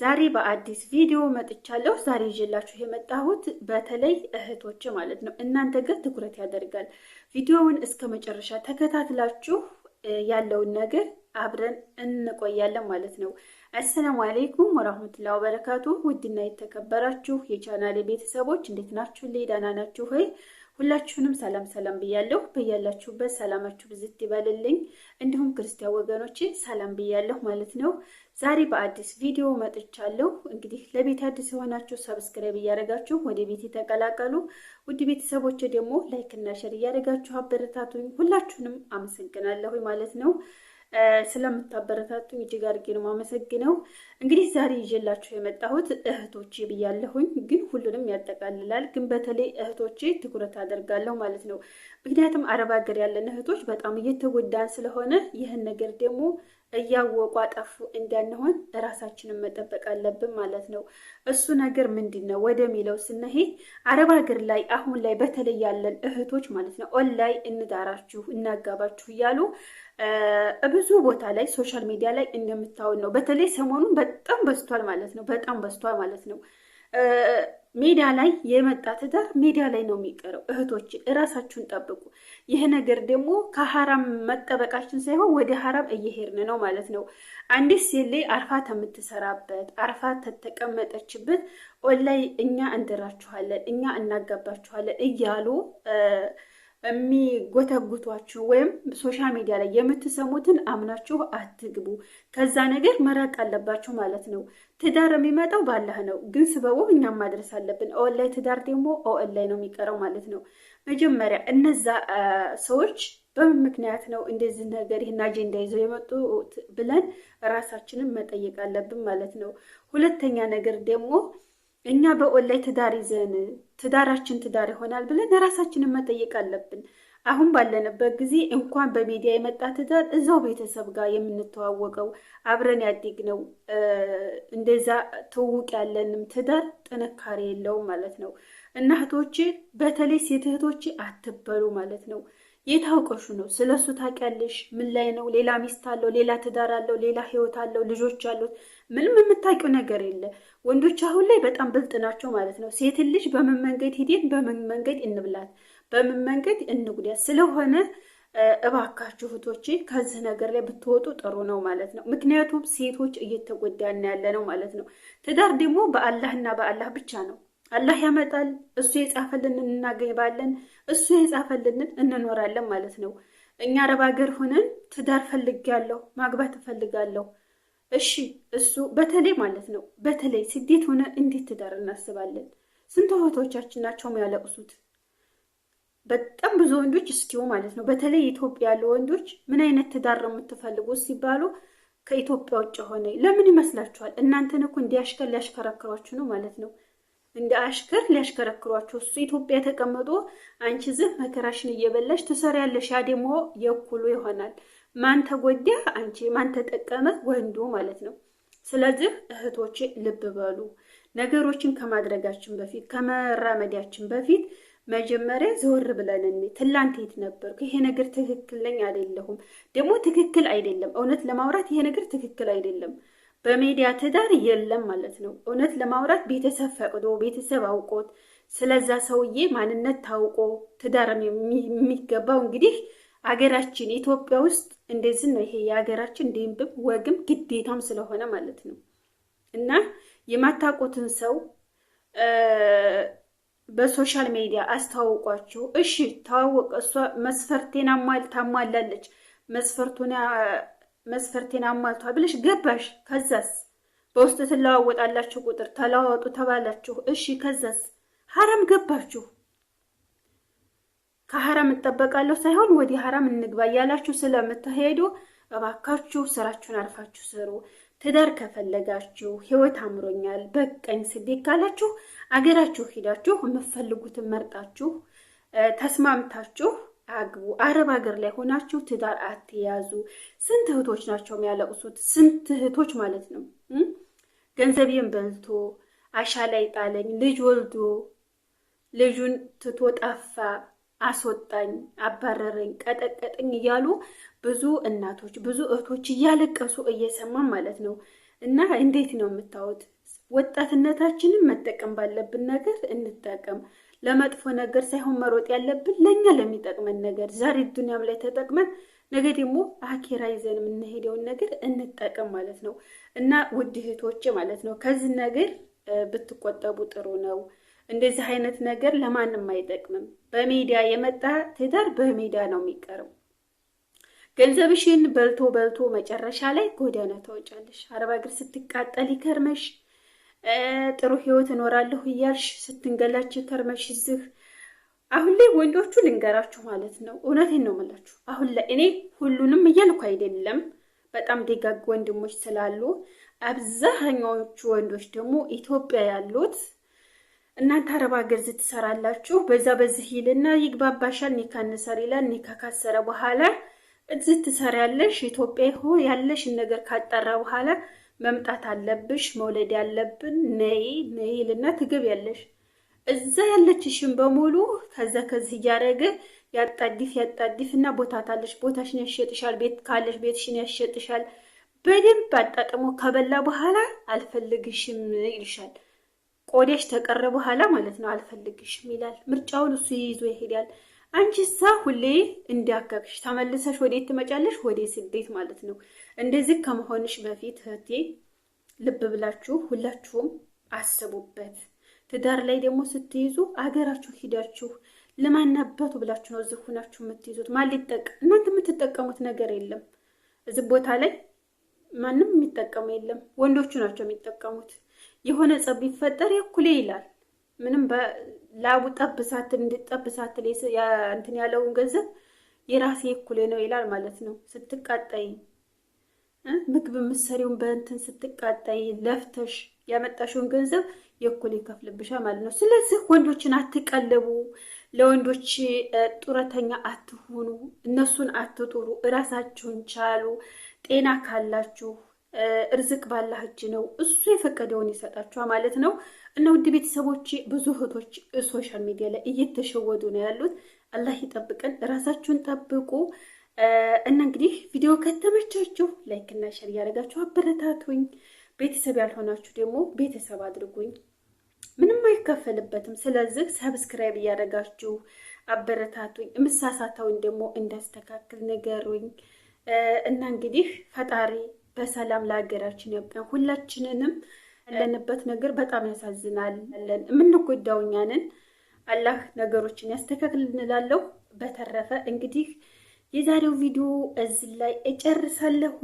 ዛሬ በአዲስ ቪዲዮ መጥቻለሁ። ዛሬ ይዤላችሁ የመጣሁት በተለይ እህቶች ማለት ነው እናንተ ጋር ትኩረት ያደርጋል። ቪዲዮውን እስከ መጨረሻ ተከታትላችሁ ያለውን ነገር አብረን እንቆያለን ማለት ነው። አሰላሙ አሌይኩም ወራህመቱላ ወበረካቱ። ውድና የተከበራችሁ የቻናሌ ቤተሰቦች እንዴት ናችሁ? ሌዳና ናችሁ ሆይ ሁላችሁንም ሰላም ሰላም ብያለሁ። በያላችሁበት ሰላማችሁ ብዝት ይበልልኝ። እንዲሁም ክርስቲያን ወገኖቼ ሰላም ብያለሁ ማለት ነው። ዛሬ በአዲስ ቪዲዮ መጥቻለሁ። እንግዲህ ለቤት አዲስ የሆናችሁ ሰብስክራይብ እያደረጋችሁ ወደ ቤት የተቀላቀሉ ውድ ቤተሰቦች ደግሞ ላይክ እና ሸር እያደረጋችሁ አበረታቱኝ። ሁላችሁንም አመሰግናለሁ ማለት ነው። ስለምታበረታቱ እጅግ አድርጌ ነው የማመሰግነው። እንግዲህ ዛሬ ይዤላችሁ የመጣሁት እህቶቼ ብያለሁኝ፣ ግን ሁሉንም ያጠቃልላል። ግን በተለይ እህቶቼ ትኩረት አደርጋለሁ ማለት ነው። ምክንያቱም አረብ ሀገር ያለን እህቶች በጣም እየተጎዳን ስለሆነ ይህን ነገር ደግሞ እያወቁ አጠፉ እንዳንሆን እራሳችንን መጠበቅ አለብን ማለት ነው። እሱ ነገር ምንድን ነው ወደሚለው ስንሄድ አረብ ሀገር ላይ አሁን ላይ በተለይ ያለን እህቶች ማለት ነው ኦንላይ እንዳራችሁ እናጋባችሁ እያሉ ብዙ ቦታ ላይ ሶሻል ሚዲያ ላይ እንደምታውን ነው። በተለይ ሰሞኑን በጣም በዝቷል ማለት ነው። በጣም በዝቷል ማለት ነው። ሜዳ ላይ የመጣ ትዳር ሜዳ ላይ ነው የሚቀረው። እህቶችን እራሳችሁን ጠብቁ። ይህ ነገር ደግሞ ከሀራም መጠበቃችን ሳይሆን ወደ ሀራም እየሄድን ነው ማለት ነው። አንዲት ሴት ላይ አርፋ ተምትሰራበት አርፋ ተተቀመጠችበት ኦንላይ እኛ እንድራችኋለን፣ እኛ እናጋባችኋለን እያሉ የሚጎተጉቷችሁ ወይም ሶሻል ሚዲያ ላይ የምትሰሙትን አምናችሁ አትግቡ። ከዛ ነገር መራቅ አለባችሁ ማለት ነው። ትዳር የሚመጣው ባላህ ነው፣ ግን ስበቡ እኛም ማድረስ አለብን። ኦንላይ ትዳር ደግሞ ኦንላይ ነው የሚቀረው ማለት ነው። መጀመሪያ እነዛ ሰዎች በምን ምክንያት ነው እንደዚህ ነገር ይህን አጀንዳ ይዘው የመጡ ብለን ራሳችንን መጠየቅ አለብን ማለት ነው። ሁለተኛ ነገር ደግሞ እኛ ላይ ትዳር ይዘን ትዳራችን ትዳር ይሆናል ብለን ራሳችንን መጠየቅ አለብን። አሁን ባለንበት ጊዜ እንኳን በሚዲያ የመጣ ትዳር እዛው ቤተሰብ ጋር የምንተዋወቀው አብረን ያደግነው እንደዛ ትውውቅ ያለንም ትዳር ጥንካሬ የለውም ማለት ነው። እና በተለይ ሴት እህቶቼ አትበሉ ማለት ነው። የታውቀሹ ነው። ስለ እሱ ታውቂያለሽ? ምን ላይ ነው? ሌላ ሚስት አለው፣ ሌላ ትዳር አለው፣ ሌላ ህይወት አለው፣ ልጆች አሉት። ምንም የምታውቂው ነገር የለ። ወንዶች አሁን ላይ በጣም ብልጥ ናቸው ማለት ነው። ሴትን ልጅ በምን መንገድ ሂደን በምን መንገድ እንብላት፣ በምን መንገድ እንጉዳት ስለሆነ እባካችሁ እህቶቼ ከዚህ ነገር ላይ ብትወጡ ጥሩ ነው ማለት ነው። ምክንያቱም ሴቶች እየተጎዳን ያለ ነው ማለት ነው። ትዳር ደግሞ በአላህና በአላህ ብቻ ነው። አላህ ያመጣል። እሱ የጻፈልንን እናገባለን፣ እሱ የጻፈልንን እንኖራለን ማለት ነው። እኛ አረብ ሀገር ሆነን ትዳር ፈልጌያለሁ፣ ማግባት እፈልጋለሁ። እሺ እሱ በተለይ ማለት ነው በተለይ ስደት ሆነ እንዴት ትዳር እናስባለን? ስንት እህቶቻችን ናቸው ያለቅሱት? በጣም ብዙ ወንዶች እስኪው ማለት ነው በተለይ ኢትዮጵያ ያሉ ወንዶች ምን አይነት ትዳር ነው የምትፈልጉት ሲባሉ ከኢትዮጵያ ውጭ ሆነ ለምን ይመስላችኋል? እናንተን እኮ እንዲያሽከር ሊያሽከረክሯችሁ ነው ማለት ነው። እንደ አሽከር ሊያሽከረክሯቸው እሱ ኢትዮጵያ ተቀምጦ አንቺ ዝህ መከራሽን እየበላሽ ትሰሪያለሽ። ያ ደግሞ የኩሉ ይሆናል። ማን ተጎዳ? አንቺ። ማን ተጠቀመ? ወንዱ ማለት ነው። ስለዚህ እህቶቼ ልብ በሉ። ነገሮችን ከማድረጋችን በፊት ከመራመዳችን በፊት መጀመሪያ ዘወር ብለን እኔ ትላንት የት ነበርኩ? ይሄ ነገር ትክክል ነኝ አይደለሁም? ደግሞ ትክክል አይደለም። እውነት ለማውራት ይሄ ነገር ትክክል አይደለም በሜዲያ ትዳር የለም ማለት ነው። እውነት ለማውራት ቤተሰብ ፈቅዶ ቤተሰብ አውቆት ስለዛ ሰውዬ ማንነት ታውቆ ትዳር የሚገባው እንግዲህ አገራችን ኢትዮጵያ ውስጥ እንደዚህ ነው። ይሄ የሀገራችን ደንብም ወግም ግዴታም ስለሆነ ማለት ነው እና የማታውቁትን ሰው በሶሻል ሚዲያ አስተዋውቋቸው እሺ ተዋወቀ፣ እሷ መስፈርቴን ታሟላለች መስፈርቱን መስፈርቴን አሟልቷል ብለሽ ገባሽ። ከዛስ በውስጥ ትለዋወጣላችሁ፣ ቁጥር ተለዋወጡ ተባላችሁ። እሺ ከዛስ ሀረም ገባችሁ። ከሀረም እጠበቃለሁ ሳይሆን ወዲህ ሀረም እንግባ እያላችሁ ስለምትሄዱ እባካችሁ ስራችሁን አርፋችሁ ስሩ። ትዳር ከፈለጋችሁ ህይወት አምሮኛል በቀኝ ስዴት ካላችሁ አገራችሁ ሂዳችሁ የምትፈልጉትን መርጣችሁ ተስማምታችሁ አግቡ። አረብ ሀገር ላይ ሆናችሁ ትዳር አትያዙ። ስንት እህቶች ናቸው የሚያለቅሱት? ስንት እህቶች ማለት ነው። ገንዘቤን በልቶ አሻ ላይ ጣለኝ፣ ልጅ ወልዶ ልጁን ትቶ ጠፋ፣ አስወጣኝ፣ አባረረኝ፣ ቀጠቀጠኝ እያሉ ብዙ እናቶች ብዙ እህቶች እያለቀሱ እየሰማን ማለት ነው። እና እንዴት ነው የምታዩት? ወጣትነታችንን መጠቀም ባለብን ነገር እንጠቀም። ለመጥፎ ነገር ሳይሆን መሮጥ ያለብን ለእኛ ለሚጠቅመን ነገር ዛሬ ዱኒያም ላይ ተጠቅመን ነገ ደግሞ አኬራ ይዘን የምንሄደውን ነገር እንጠቀም ማለት ነው እና ውድ ማለት ነው ከዚህ ነገር ብትቆጠቡ ጥሩ ነው። እንደዚህ አይነት ነገር ለማንም አይጠቅምም። በሜዲያ የመጣ ትዳር በሜዳ ነው የሚቀርብ። ገንዘብሽን በልቶ በልቶ መጨረሻ ላይ ጎዳና ታወጫለሽ። አረብ ስትቃጠል ይከርመሽ። ጥሩ ህይወት እኖራለሁ እያልሽ ስትንገላች ከርመሽ ዝህ አሁን ላይ ወንዶቹ ልንገራችሁ ማለት ነው፣ እውነቴን ነው የምላችሁ። አሁን ላይ እኔ ሁሉንም እያልኩ አይደለም፣ በጣም ደጋግ ወንድሞች ስላሉ፣ አብዛኛዎቹ ወንዶች ደግሞ ኢትዮጵያ ያሉት እናንተ አረብ ሀገር ትሰራላችሁ፣ በዛ በዚህ ይልና ይግባባሻል፣ ኒካ እንሰር ይላል። ኒካ ካሰረ በኋላ እዚህ ትሰሪያለሽ፣ ኢትዮጵያ ሆ ያለሽን ነገር ካጠራ በኋላ መምጣት አለብሽ፣ መውለድ ያለብን ነይ ነይ ይልና ያለሽ እዛ ያለችሽን በሙሉ ከዛ ከዚህ እያደረገ ያጣዲፍ ያጣዲፍ እና ቦታ ታለሽ፣ ቦታሽን ያሸጥሻል፣ ቤት ካለሽ ቤትሽን ያሸጥሻል። በደንብ አጣጥሞ ከበላ በኋላ አልፈልግሽም ይልሻል። ቆዳሽ ተቀረ በኋላ ማለት ነው አልፈልግሽም ይላል። ምርጫውን እሱ ይዞ ይሄዳል። አንቺ ሳ ሁሌ እንዲያከብሽ ተመልሰሽ ወዴት ትመጫለሽ? ወደ ስደት ማለት ነው። እንደዚህ ከመሆንሽ በፊት እህቴ ልብ ብላችሁ ሁላችሁም አስቡበት። ትዳር ላይ ደግሞ ስትይዙ አገራችሁ ሂዳችሁ ለማናበቱ ብላችሁ ነው እዚህ ሁናችሁ የምትይዙት። ማን ሊጠቅ እናንተ የምትጠቀሙት ነገር የለም እዚህ ቦታ ላይ ማንም የሚጠቀሙ የለም። ወንዶቹ ናቸው የሚጠቀሙት። የሆነ ጸብ ቢፈጠር የኩሌ ይላል ምንም ላቡ ጠብሳትል እንድጠብሳትል እንትን ያለውን ገንዘብ የራሴ እኩሌ ነው ይላል ማለት ነው። ስትቃጣይ ምግብ ምሰሪውን በእንትን ስትቃጣይ ለፍተሽ ያመጣሽውን ገንዘብ የእኩሌ ይከፍልብሻል ማለት ነው። ስለዚህ ወንዶችን አትቀልቡ፣ ለወንዶች ጡረተኛ አትሆኑ፣ እነሱን አትጡሩ፣ እራሳችሁን ቻሉ። ጤና ካላችሁ እርዝቅ ባላህ እጅ ነው፣ እሱ የፈቀደውን ይሰጣችኋል ማለት ነው። እና ውድ ቤተሰቦች ብዙ እህቶች ሶሻል ሚዲያ ላይ እየተሸወዱ ነው ያሉት። አላህ ይጠብቀን፣ ራሳችሁን ጠብቁ። እና እንግዲህ ቪዲዮ ከተመቻችሁ ላይክ እና ሸር እያደረጋችሁ አበረታቱኝ። ቤተሰብ ያልሆናችሁ ደግሞ ቤተሰብ አድርጉኝ፣ ምንም አይከፈልበትም። ስለዚህ ሰብስክራይብ እያደረጋችሁ አበረታቱኝ። ምሳሳታውን ደግሞ እንዳስተካክል ንገሩኝ። እና እንግዲህ ፈጣሪ በሰላም ለሀገራችን ያብቃን። ሁላችንንም ያለንበት ነገር በጣም ያሳዝናል። ያለን የምንጎዳው እኛ አላህ ነገሮችን ያስተካክል እንላለሁ። በተረፈ እንግዲህ የዛሬው ቪዲዮ እዚህ ላይ እጨርሳለሁ።